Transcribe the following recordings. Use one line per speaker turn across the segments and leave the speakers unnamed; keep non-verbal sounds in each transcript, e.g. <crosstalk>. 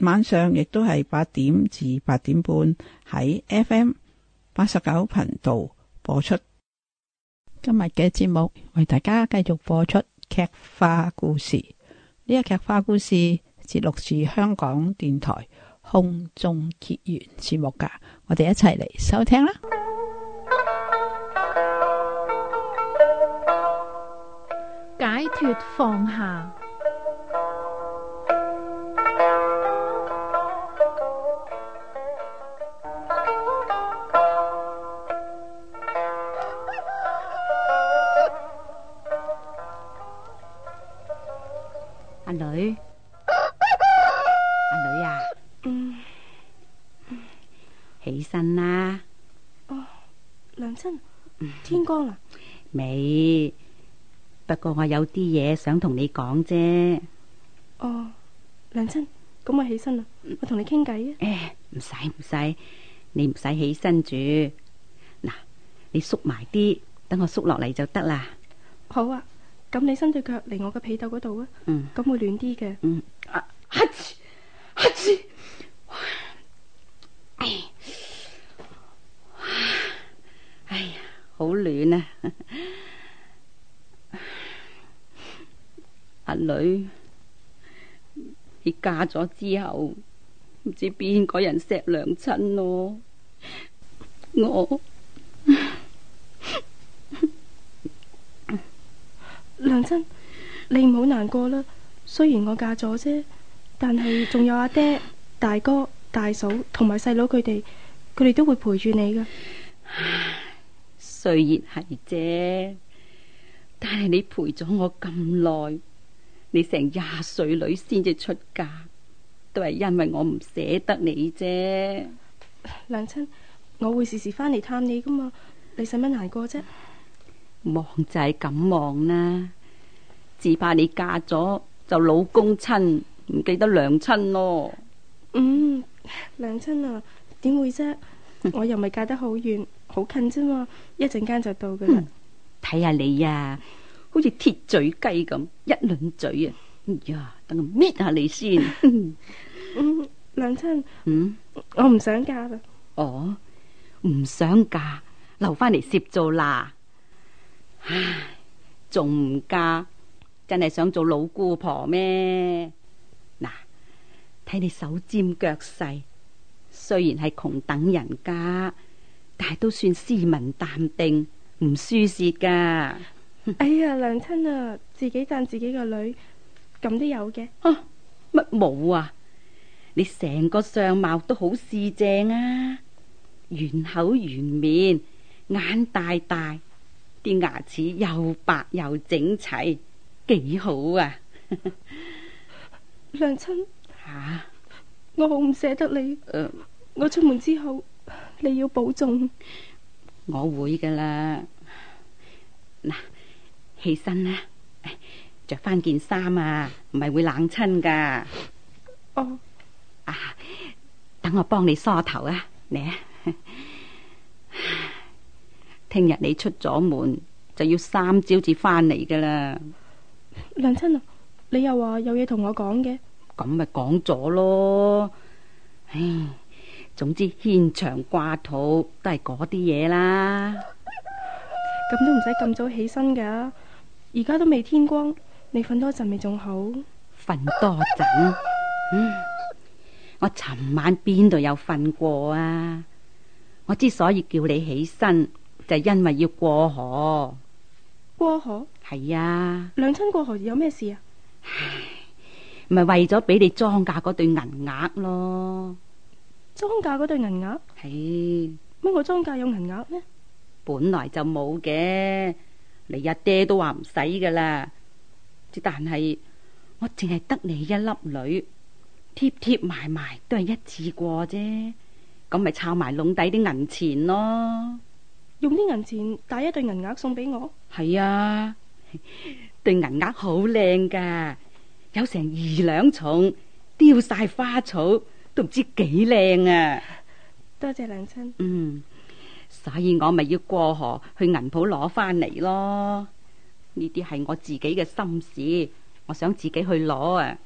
晚上亦都係八點至八點半喺 FM 八十九頻道播出。今日嘅節目為大家繼續播出劇化故事。呢個劇化故事節錄自香港電台空中結緣節目噶，我哋一齊嚟收聽啦。解脫
放下。
天光啦、啊，未？不過我有啲嘢想同你講啫。
哦，娘親，咁我起身啦，我同你傾偈啊。誒，
唔使唔使，你唔使起身住。嗱，你縮埋啲，等我縮落嚟就得啦。
好啊，咁你伸隻腳嚟我個被斗嗰度啊。嗯，咁會暖啲嘅。嗯，啊，吓住，
亂啊！阿女， <laughs> 你嫁咗之後，唔知邊個人錫娘親咯。我，娘親，
你唔好難過啦。雖然我嫁咗啫，但係仲有阿爹、大哥、大嫂同埋細佬佢哋，佢哋都會陪住你噶。
雖然係啫，但係你陪咗我咁耐，你成廿歲女先至出嫁，都係因為我唔捨得你啫。娘親，我會時時翻嚟探你噶嘛？
你使乜難過啫？
望就係咁望啦，只怕你嫁咗就老公親唔記得娘親咯。嗯，
娘親啊，點會啫？我又咪嫁得好遠。 <laughs> 好近啫嘛，一
陣間就到噶啦。睇下、嗯、你啊，好似鐵嘴雞咁，一輪嘴啊，哎、呀，等我搣下你先。 <laughs> 嗯，娘親，嗯，我唔想嫁啦。哦，唔想嫁，留翻嚟攝做啦。唉，仲唔嫁？真係想做老姑婆咩？嗱，睇你手尖腳細，雖然係窮等人家，但係都算斯文淡定，唔輸蝕噶。 <laughs> 哎
呀，娘親啊，自己讚自己個女，咁都有嘅。
乜冇啊，啊？你成個相貌都好四正啊，圓口圓面，眼大大，啲牙齒又白又整齊，幾好啊！
<laughs> 娘親，吓、啊，我好唔
捨得你。呃、我出門之後。你要保重，我會噶啦。嗱，起身啦，着翻件衫啊，唔係會冷親噶。哦，啊，等我幫你梳頭啊，你。啊！聽日你出咗門就要三朝至翻嚟噶啦。娘
親啊，你又話有嘢同我講嘅，
咁咪講咗咯。唉。總之牽腸掛肚都係嗰啲嘢啦，咁都唔使咁早起身噶，而家都未天光，你瞓
多陣咪仲好？
瞓多陣，嗯， <laughs> 我尋晚邊度有瞓過啊？我之所以叫你起身，就係、因為要過河。過河？係啊，
娘親過河有咩事啊？唉，咪、
就係、為咗俾你莊價嗰對銀額咯。
莊稼嗰對銀額，
嘿，
乜我莊稼有銀額咩？
本來就冇嘅，你阿爹都話唔使噶啦。只但係我淨係得你一粒女，貼貼埋埋都係一次過啫，咁咪抄埋籠底啲銀錢咯。用啲銀錢
帶一對銀額送俾我。
係啊，對銀額好靚噶，有成二兩重，雕晒花草。都唔知幾靚啊！
多謝娘親。嗯，
所以我咪要過河去銀鋪攞翻嚟咯。呢啲係我自己嘅心事，我想自己去攞啊。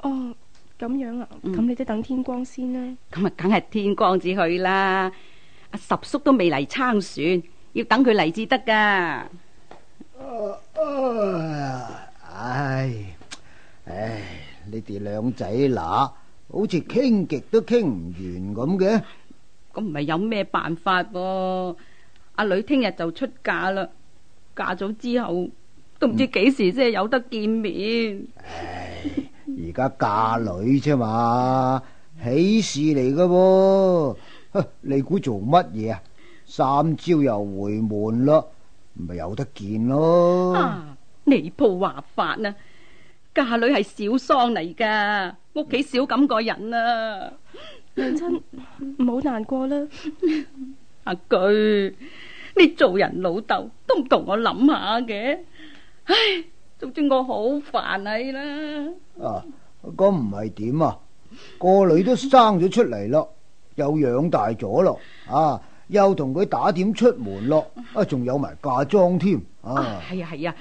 哦，咁樣啊？咁
你都等天光先啦？
咁啊，梗係天光至去啦。阿十叔都未嚟撐船，要等佢嚟至得噶。
唉唉，你哋兩仔乸。好似傾極都傾唔完咁嘅，
咁唔係有咩辦法喎？阿女聽日就出嫁啦，嫁咗之後都唔知幾時先有得見面。
唉，而家嫁女啫嘛，喜事嚟噶噃，你估做乜嘢啊？三朝又回門咯，咪有得見咯。
你鋪話法啦。嫁女係小喪嚟噶，屋企少咁個人啊！娘
親，唔好難過啦。
阿巨，你做人老豆都唔同我諗下嘅，唉，總之我好煩你啦。
啊，咁唔係點啊？個女都生咗出嚟咯，又養大咗咯，啊，又同佢打點出門咯，啊，仲有埋嫁妝添啊！
係啊，係啊。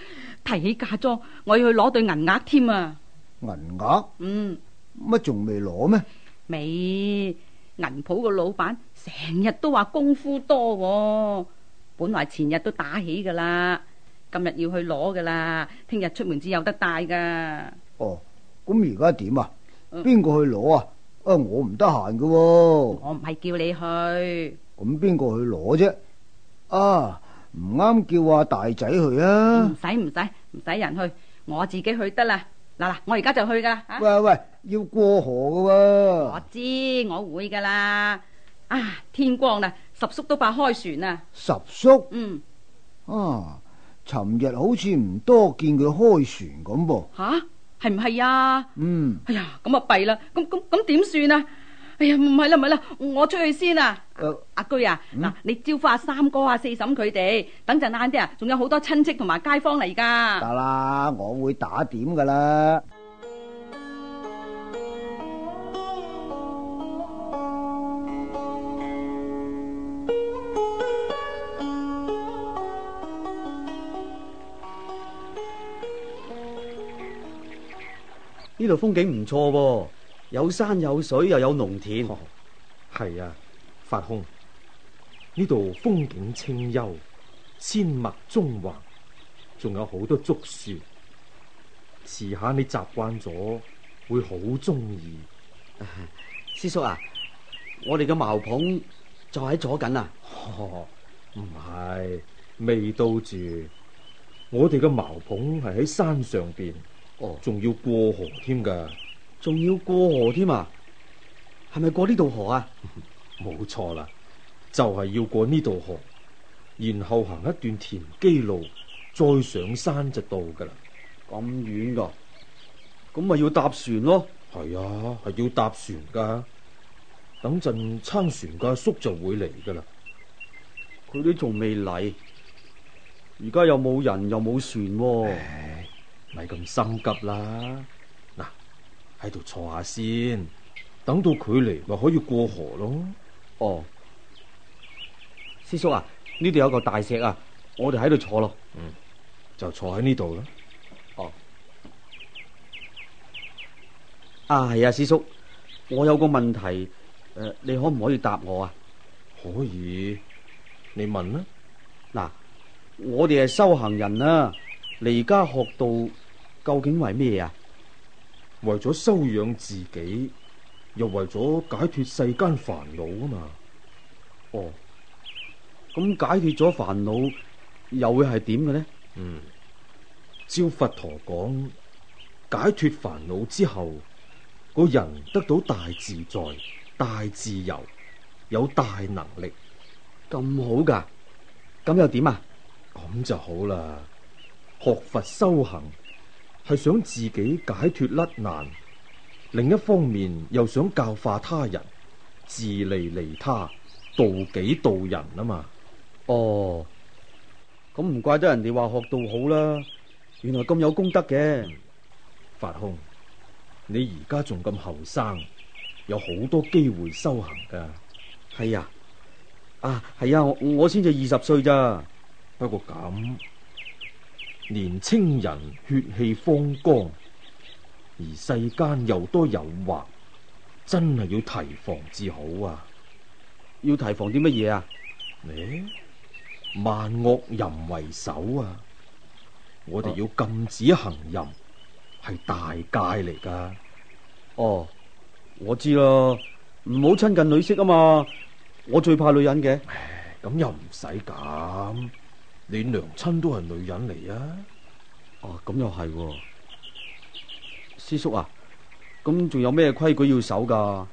提起嫁妝，我要去攞對銀鐲添啊！
銀鐲，嗯，乜仲未攞咩？
未，銀鋪個老闆成日都話功夫多喎，本來前日都打起噶啦，今日要去攞噶啦，聽日出門至有得帶噶。
哦，咁而家點啊？邊個去攞啊？啊，我唔得閒噶。我
唔係叫你去，
咁邊個去攞啫？啊！唔啱叫阿大仔去啊！唔使
唔使唔使人去，我自己去得啦。嗱嗱，我而家就去噶。啊。喂
喂，要過河嘅喎，啊，我
知我會噶啦。啊，天光啦，十叔都怕開船啊。
十叔，嗯，啊，尋日好似唔多見佢開船咁噃。吓，
係唔係啊？是是啊嗯。哎呀，咁啊弊啦，咁咁咁點算啊？哎呀，唔係啦，唔係啦，我出去先啦！阿居啊，嗱，你招呼阿三哥啊、四嬸佢哋，等陣晏啲啊，仲有好多親戚同埋街坊嚟噶。
得啦，我會打點噶啦。
呢度風景唔錯喎。有山有水又有農田，係、哦、啊，法空呢度風景清幽，纖墨中橫，仲有好多竹樹，遲下你習慣咗會好中意。師叔啊，我哋嘅茅棚就喺左近啊，唔係未到住，我哋嘅茅棚係喺山上邊，哦，仲要過河添噶。仲要過河添啊？係咪過呢度河啊？冇錯啦，就係要過呢度河，然後行一段田基路，再上山就到噶啦。咁遠噶，咁咪要搭船咯？係啊，係要搭船噶。等陣撐船嘅叔叔就會嚟噶啦。佢哋仲未嚟，而家又冇人又冇船，啊，唉，咪咁心急啦。喺度坐下先，等到佢嚟咪可以過河咯。哦，師叔啊，呢度有個大石啊，我哋喺度坐咯。嗯，就坐喺呢度啦。哦，啊係啊，師叔，我有個問題，誒，你可唔可以答我啊？可以，你問啦。嗱，我哋係修行人啊，離家學道，究竟為咩啊？為咗修養自己，又為咗解脱世間煩惱啊嘛！哦，咁解決咗煩惱，又會係點嘅呢？嗯，照佛陀講，解脱煩惱之後，個人得到大自在、大自由，有大能力，咁好噶？咁又點啊？咁就好啦，學佛修行。係想自己解脫甩難，另一方面又想教化他人，自利利他，度己度人啊嘛。哦，咁唔怪得人哋話學道好啦，原來咁有功德嘅。法空，你而家仲咁後生，有好多機會修行噶。係啊，啊係啊，我我先至二十歲咋。不過咁。年青人血氣方剛，而世間又多誘惑，真係要提防至好啊！要提防啲乜嘢啊？誒、欸，萬惡淫為首啊！我哋要禁止行淫，係、啊、大戒嚟噶。哦，我知咯，唔好親近女色啊嘛！我最怕女人嘅。咁又唔使咁。你娘親都係女人嚟啊？哦、啊，咁又係，師叔啊，咁仲有咩規矩要守噶？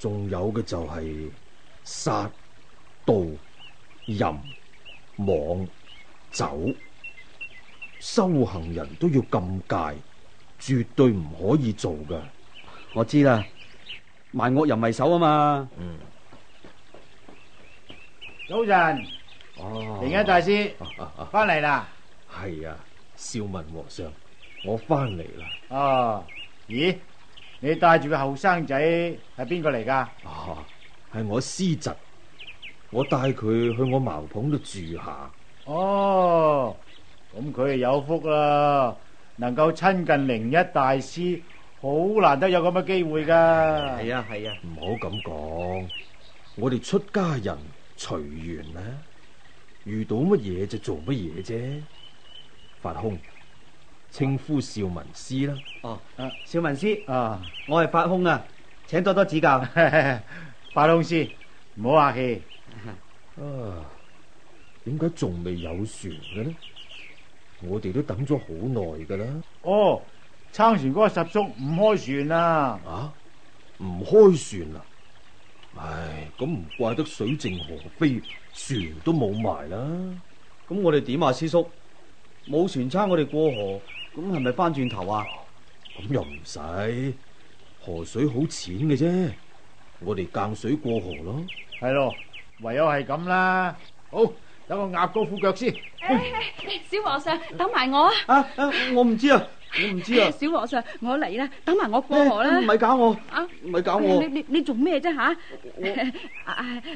仲有嘅就係殺盜淫妄酒，修行人都要禁戒，絕對唔可以做噶。我知啦，萬惡淫為首啊嘛。嗯。早晨。靈一大師翻嚟啦！係啊，啊，啊，少文和尚，我翻嚟啦。哦、啊，咦，你帶住個後生仔係邊個嚟噶？係、啊、我師侄，我帶佢去我茅棚度住下。
哦、啊，咁佢係有福啦，能夠親近
靈一大師，好難得有咁嘅機會噶。係啊，係啊，唔好咁講，我哋出家人隨緣啦。遇到乜嘢就做乜嘢啫。法空，稱呼少文師啦。哦，少文師啊、哦，我係法空啊，請多多指教，哈哈。法空師，唔好客氣。啊，點解仲未有船嘅呢？我哋都等咗好耐噶啦。哦，撐船嗰十叔唔開船啦。啊，唔開船啦。唉，咁唔怪得水靜河飛，船都冇埋啦。咁我哋點啊，師叔？冇船撐我哋過河，咁係咪翻轉頭啊？咁又唔使，河水好淺嘅啫，我哋隔水過河咯。係咯，唯有係咁啦。好，等我壓高褲腳先。
唉，小和尚，等埋我啊！啊，我唔
知啊。你唔知啊！
小和尚，我嚟啦，等埋我過河啦！唔係
搞我啊！唔係搞我！你
你你做咩啫吓？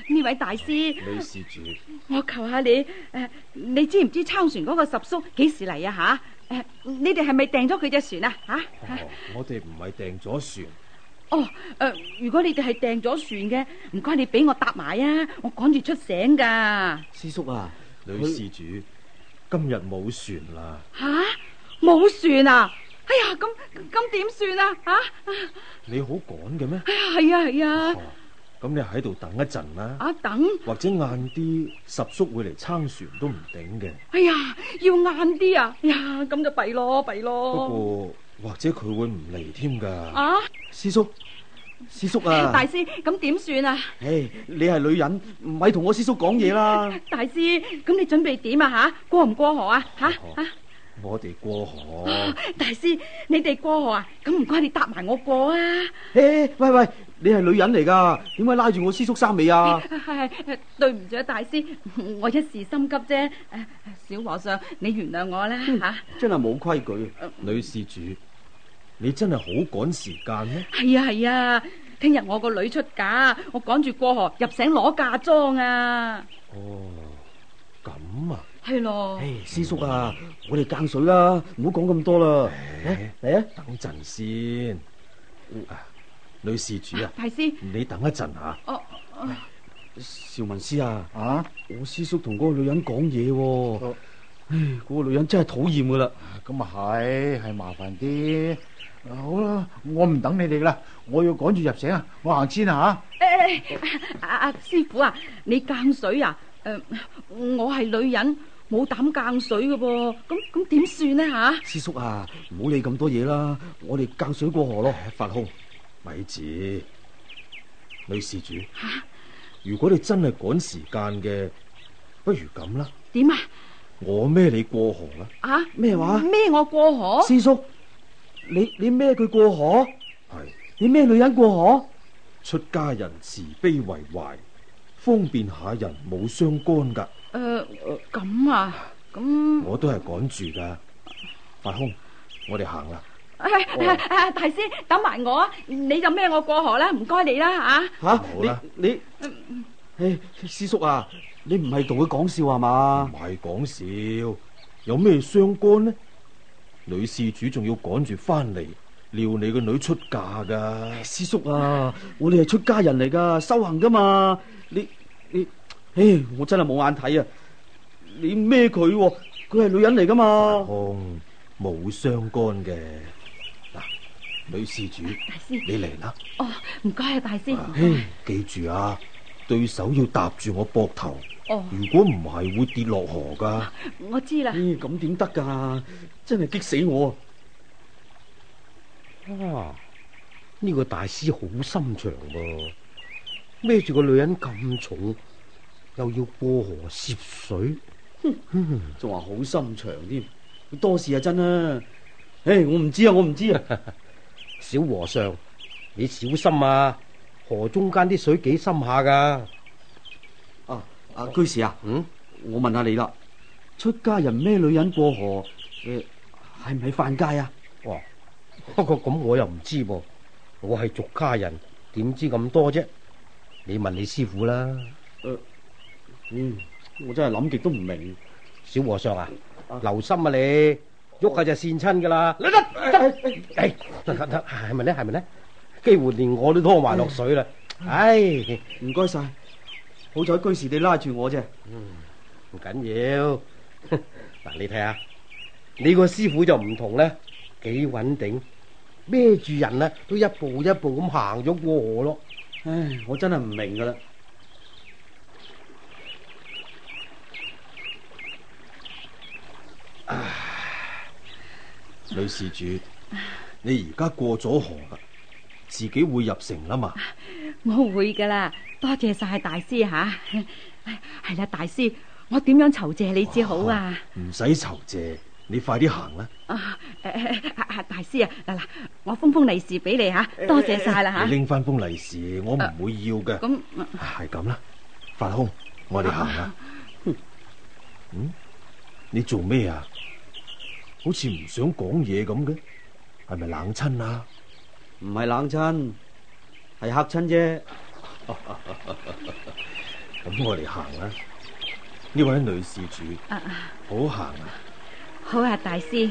呢位大師，女施主，我求下你，誒，你知唔知撐船嗰個十叔幾時嚟啊吓？誒，你哋係咪訂咗佢隻船啊？吓！
我哋唔係訂咗船。
哦，誒，如果你哋係訂咗船嘅，唔該你俾我搭埋啊！我趕住出城噶。
師叔啊，女施主，今日冇船啦。
吓！冇船啊！哎呀，咁咁點算啊？吓！
你好趕嘅咩？
哎呀，係啊係啊！咁、
啊啊、你喺度等一陣啦、啊。啊等，或者晏啲十叔會嚟撐船都唔頂嘅。頂
哎呀，要晏啲啊！哎呀，咁就弊咯，弊咯。不過
或者佢會唔嚟添噶。啊，師叔，師叔啊！大
師，咁點算啊？
唉，hey, 你係女人，咪同我師叔講嘢啦。
大師，咁你準備點啊？吓，過唔過河啊？吓吓。
我哋過河，
大師，你哋過河啊？咁唔該你搭埋我過啊！
誒，喂喂，你係女人嚟噶，點解拉住我師叔衫尾啊？
係係係，對唔住大師，我一時心急啫。誒，小和尚，你原諒我啦吓。
真係冇規矩。女施主，你真係好趕時間呢？
係啊係啊，聽日我個女出嫁，我趕住過河入城攞嫁妝啊！
哦，咁啊。
係咯，
師叔啊，我哋更水啦，唔好講咁多啦。嚟啊，等陣先。女事主啊，大師，你等一陣吓。邵文師啊，啊，我師叔同嗰個女人講嘢，唉，嗰個女人真係討厭噶啦。咁啊係，係麻煩啲。
好啦，我唔等你哋噶啦，我要趕住入城啊，我行先吓。
誒，阿阿師傅啊，你更水啊？誒，我係女人。冇膽降水嘅噃，咁咁點算呢吓？
師叔啊，唔好理咁多嘢啦，我哋降水過河咯。法空，咪住。女施主，啊、如果你真係趕時間嘅，不如咁啦。點啊樣？我孭你過河啦。
啊？咩話麼？孭我過河？師
叔，你你孭佢過河？係是你孭女人過河？出家人慈悲為懷，方便下人冇相干噶。誒，咁、
呃、啊，咁
我都係趕住噶，法空，我哋行啦。係，
大師，等埋我，啊、哎。你就孭我過河啦，唔該你啦，啊、哎、
吓。好、哎、啦，你、哎、唉、哎哎，師叔啊，你唔係同佢講笑啊嘛？唔係講笑，有咩相干呢？女事主仲要趕住翻嚟撩你個女出嫁噶、哎。師叔啊，我哋係出家人嚟噶，修行噶嘛，你你。唉，hey，我真係冇眼睇啊！你孭佢？佢係女人嚟噶嘛。哦，冇相干嘅。嗱，女施主，大師你嚟啦。哦，
唔該啊，大師。唉、啊，
嘿記住啊，對手要搭住我膊頭。哦。如果唔係，會跌落河噶。我知啦。咦、欸，咁點得噶？真係激死我啊！哇，呢、這個大師好心腸噃、啊，孭住個女人咁重。又要過河涉水，仲話好心腸添，多事啊真啊！唉，我唔知啊，我唔知啊。 <laughs> 小和尚，你小心啊！河中間啲水幾深下噶、啊。啊，居士啊，嗯，我問下你啦。出家人咩女人過河，係唔係犯戒啊？哦，不過咁我又唔知噃，我係俗家人，點知咁多啫？你問你師傅啦。呃嗯，我真係諗極都唔明，小和尚啊，留心啊你，喐下就跣親噶啦！你得得係，係咪咧？係咪咧？幾乎連我都拖埋落水啦！唉，唔該晒，好彩居士你拉住我啫。嗯，唔緊要。嗱，你睇下，你個師傅就唔同咧，幾穩定，孭住人啊，都一步一步咁行喐過河咯。唉，我真係唔明噶啦。女施主，你而家過咗河啦，自己會入城啦嘛？
我會噶啦，多謝晒大師吓，係啦，大師，我點樣酬謝你至好啊？唔
使酬謝，你快啲行啦。
啊、哦呃，大師啊，嗱嗱，我封封利是俾你吓，多謝晒啦吓。Ä, 呃、你拎
翻封利是，我唔會要嘅、呃。咁係咁啦，法空，我哋行啦。嗯，你做咩啊？好似唔想講嘢咁嘅，係咪冷親啊？唔係冷親，係吓親啫。咁我哋行啦，呢位女事主，好行啊！
好啊，大師。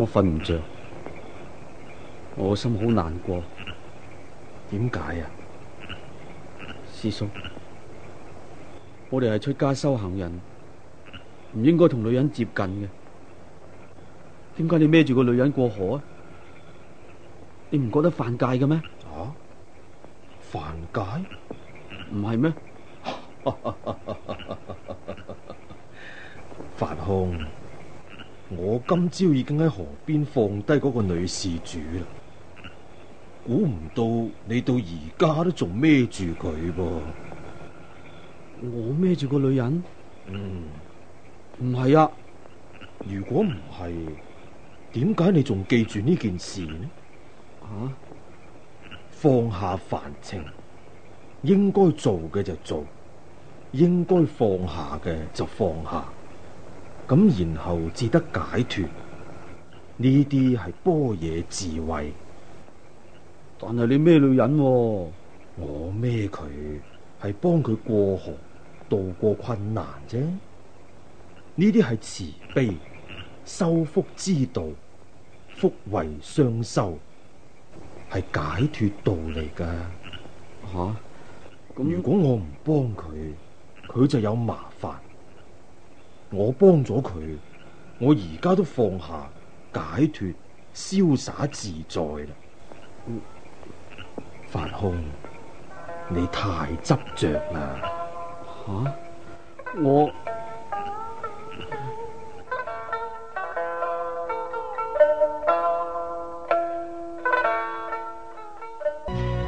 我瞓唔着，我心好難過。點解啊，師叔？我哋係出家修行人，唔應該同女人接近嘅。點解你孭住個女人過河啊？你唔覺得犯戒嘅咩？啊？犯戒？唔係咩？犯空。我今朝已經喺河邊放低嗰個女事主啦，估唔到你到而家都仲孭住佢噃。我孭住個女人？嗯，唔係啊。如果唔係，點解你仲記住呢件事呢？啊，放下凡情，應該做嘅就做，應該放下嘅就放下。咁然後至得解脫，呢啲係般若智慧。但係你咩女人？啊？我孭佢係幫佢過河，度過困難啫。呢啲係慈悲、修福之道，福慧雙修係解脫道嚟噶。吓、啊，咁如果我唔幫佢，佢就有麻煩。我幫咗佢，我而家都放下解、解脫、瀟灑自在啦。法空，你太執着啦！吓、啊，我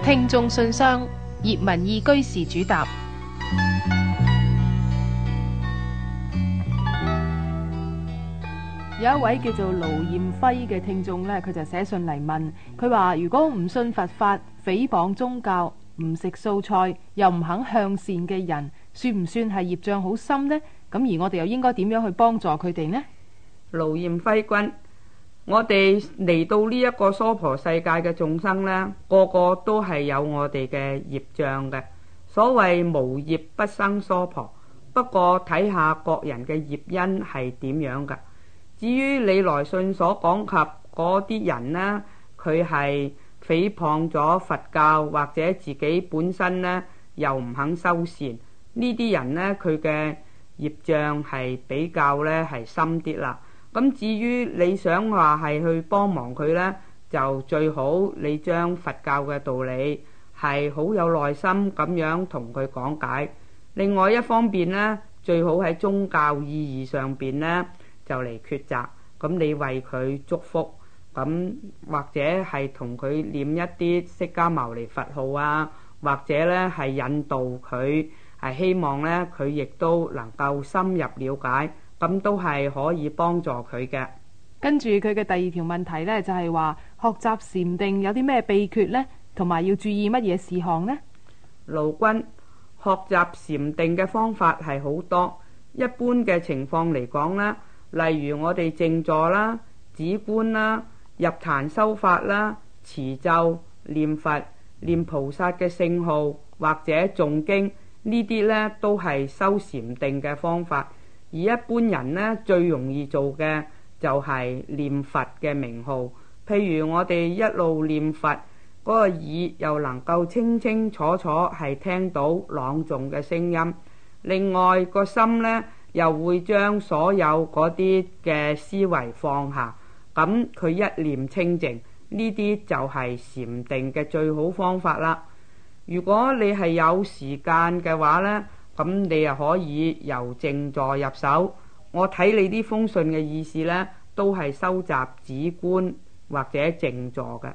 聽眾信箱，葉文義居士主答。有一位叫做盧艷輝嘅聽眾呢，佢就寫信嚟問，佢話：如果唔信佛法、誹謗宗教、唔食素菜又唔肯向善
嘅人，算唔算係業障好深呢？咁而我哋又應該點樣去幫助佢哋呢？盧艷輝君，我哋嚟到呢一個娑婆世界嘅眾生，呢個個都係有我哋嘅業障嘅。所謂無業不生娑婆，不過睇下各人嘅業因係點樣噶。至於你來信所講及嗰啲人呢，佢係誹謗咗佛教，或者自己本身呢又唔肯修善，呢啲人呢，佢嘅業障係比較呢係深啲啦。咁至於你想話係去幫忙佢呢，就最好你將佛教嘅道理係好有耐心咁樣同佢講解。另外一方面呢，最好喺宗教意義上邊呢，就嚟抉擇咁，你為佢祝福咁，或者係同佢念一啲釋迦牟尼佛號啊，或者呢係引導佢係希望呢，佢亦都能夠深入了解，咁都係可以幫助佢嘅。
跟住佢嘅第二條問題呢，就係話學習禪定有啲咩秘訣呢？同埋要注意乜嘢事項
呢？盧君學習禪定嘅方法係好多，一般嘅情況嚟講咧。例如我哋靜坐啦、止觀啦、入壇修法啦、持咒、念佛、念菩薩嘅聖號或者誦經，呢啲呢都係修禪定嘅方法。而一般人呢最容易做嘅就係念佛嘅名號，譬如我哋一路念佛嗰、那個耳又能夠清清楚楚係聽到朗誦嘅聲音。另外個心呢。又會將所有嗰啲嘅思維放下，咁佢一念清靜，呢啲就係禪定嘅最好方法啦。如果你係有時間嘅話呢，咁你又可以由靜坐入手。我睇你呢封信嘅意思呢，都係收集止觀或者靜坐嘅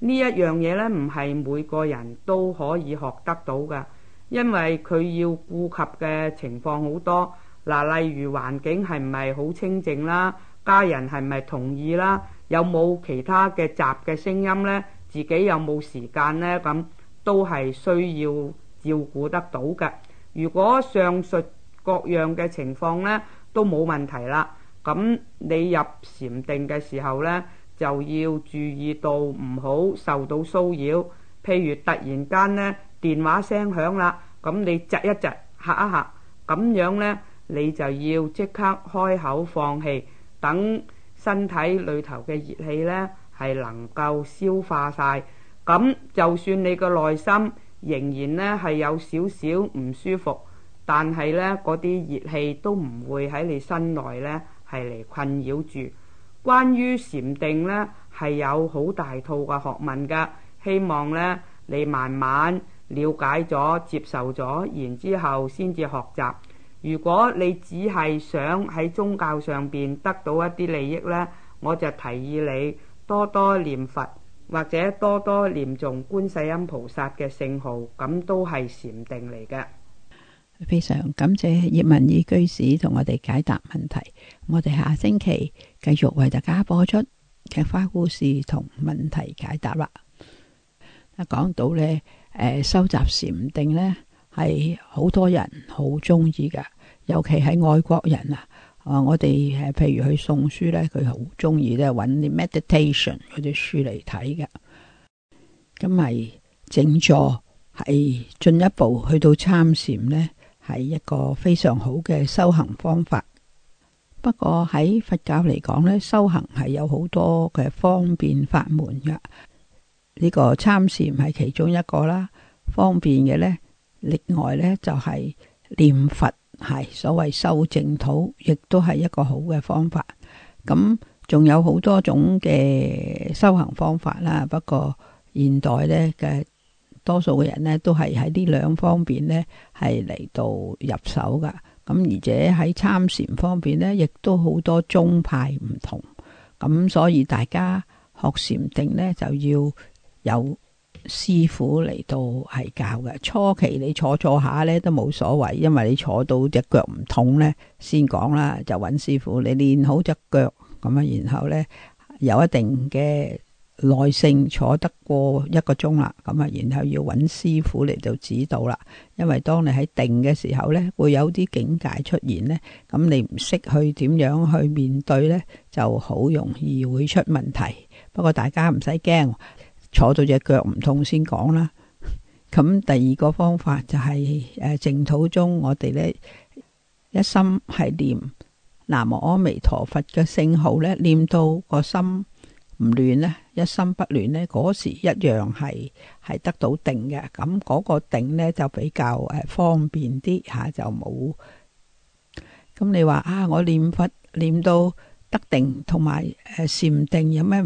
呢一樣嘢呢，唔係每個人都可以學得到㗎，因為佢要顧及嘅情況好多。嗱，例如環境係唔係好清靜啦？家人係咪同意啦？有冇其他嘅雜嘅聲音呢？自己有冇時間呢？咁都係需要照顧得到嘅。如果上述各樣嘅情況呢都冇問題啦，咁你入禪定嘅時候呢，就要注意到唔好受到騷擾，譬如突然間呢電話聲響啦，咁你窒一窒嚇一嚇咁樣呢。你就要即刻開口放氣，等身體裏頭嘅熱氣呢係能夠消化晒。咁就算你個內心仍然呢係有少少唔舒服，但係呢嗰啲熱氣都唔會喺你身內呢係嚟困擾住。關於禪定呢係有好大套嘅學問㗎，希望呢你慢慢了解咗、接受咗，然之後先至學習。如果你只係想喺宗教上邊得到一啲利益呢，我就提議你多多念佛，或者多多念誦觀世音菩薩嘅聖號，咁都係禪定嚟嘅。
非常感謝葉文義居士同我哋解答問題。我哋下星期繼續為大家播出劇花故事同問題解答啦。啊，講到呢，誒，收集禪定呢。係好多人好中意噶，尤其係外國人啊。啊，我哋誒，譬如去送書呢，佢好中意呢，搵啲 meditation 嗰啲書嚟睇嘅。咁咪靜坐係進一步去到參禪呢，係一個非常好嘅修行方法。不過喺佛教嚟講呢，修行係有好多嘅方便法門嘅。呢個參禪係其中一個啦，方便嘅呢。另外呢，就係念佛，係所謂修淨土，亦都係一個好嘅方法。咁仲有好多種嘅修行方法啦。不過現代呢，嘅多數嘅人呢，都係喺呢兩方面呢，係嚟到入手噶。咁而且喺參禪方面呢，亦都好多宗派唔同。咁所以大家學禪定呢，就要有。師傅嚟到係教嘅。初期你坐坐下咧都冇所謂，因為你坐到隻腳唔痛咧，先講啦，就揾師傅你練好隻腳咁啊，然後咧有一定嘅耐性坐得過一個鐘啦，咁啊，然後要揾師傅嚟到指導啦，因為當你喺定嘅時候咧，會有啲境界出現咧，咁你唔識去點樣去面對咧，就好容易會出問題。不過大家唔使驚。坐到隻腳唔痛先講啦。咁第二個方法就係誒，淨土中我，我哋呢一心係念南無阿彌陀佛嘅聖號呢，念到個心唔亂呢，一心不亂呢，嗰時一樣係係得到定嘅。咁嗰個定呢就比較誒方便啲吓，啊，就冇咁。你話啊，我念佛念到得定同埋禪定有咩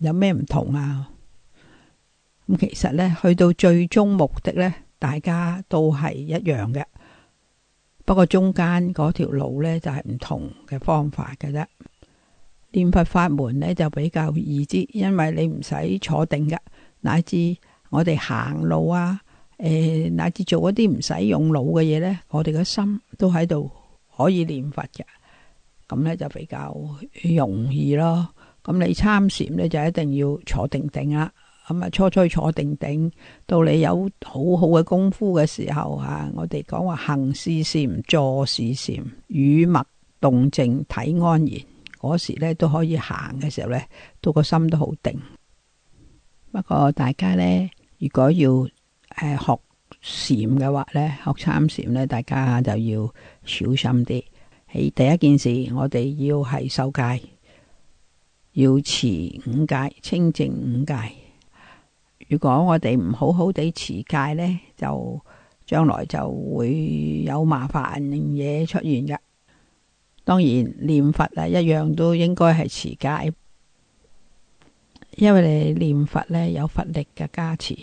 有咩唔同啊？咁其實咧，去到最終目的咧，大家都係一樣嘅。不過中間嗰條路咧，就係、是、唔同嘅方法嘅。啫，念佛法門咧就比較易啲，因為你唔使坐定噶，乃至我哋行路啊，誒、呃，乃至做一啲唔使用腦嘅嘢咧，我哋嘅心都喺度可以念佛嘅。咁咧就比較容易咯。咁你參禪咧就一定要坐定定啦。咁啊，初初坐定定，到你有好好嘅功夫嘅時候啊，我哋講話行是禪，坐是禪，語默動靜，體安然。嗰時呢都可以行嘅時候呢，到個心都好定。不過大家呢，如果要誒學禪嘅話呢，學參禪呢，大家就要小心啲。喺第一件事，我哋要係修戒，要持五戒，清淨五戒。如果我哋唔好好地持戒呢，就將來就會有麻煩嘢出現㗎。當然念佛啊，一樣都應該係持戒，因為你念佛呢有佛力嘅加持，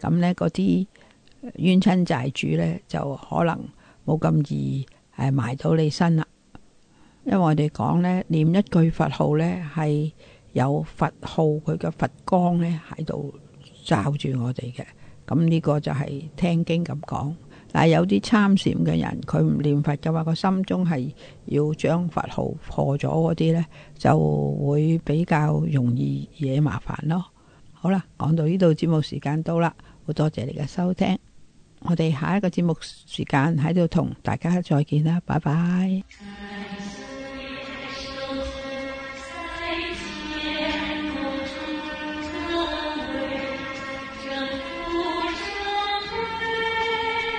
咁呢嗰啲冤親債主呢就可能冇咁易係埋到你身啦。因為我哋講呢念一句佛號呢係有佛號佢嘅佛光呢喺度。罩住我哋嘅，咁、這、呢個就係聽經咁講。但係，有啲參禪嘅人，佢唔念佛嘅話，個心中係要將佛號破咗嗰啲呢，就會比較容易惹麻煩咯。好啦，講到呢度，節目時間到啦，好多謝你嘅收聽，我哋下一個節目時間喺度同大家再見啦，拜拜。嗯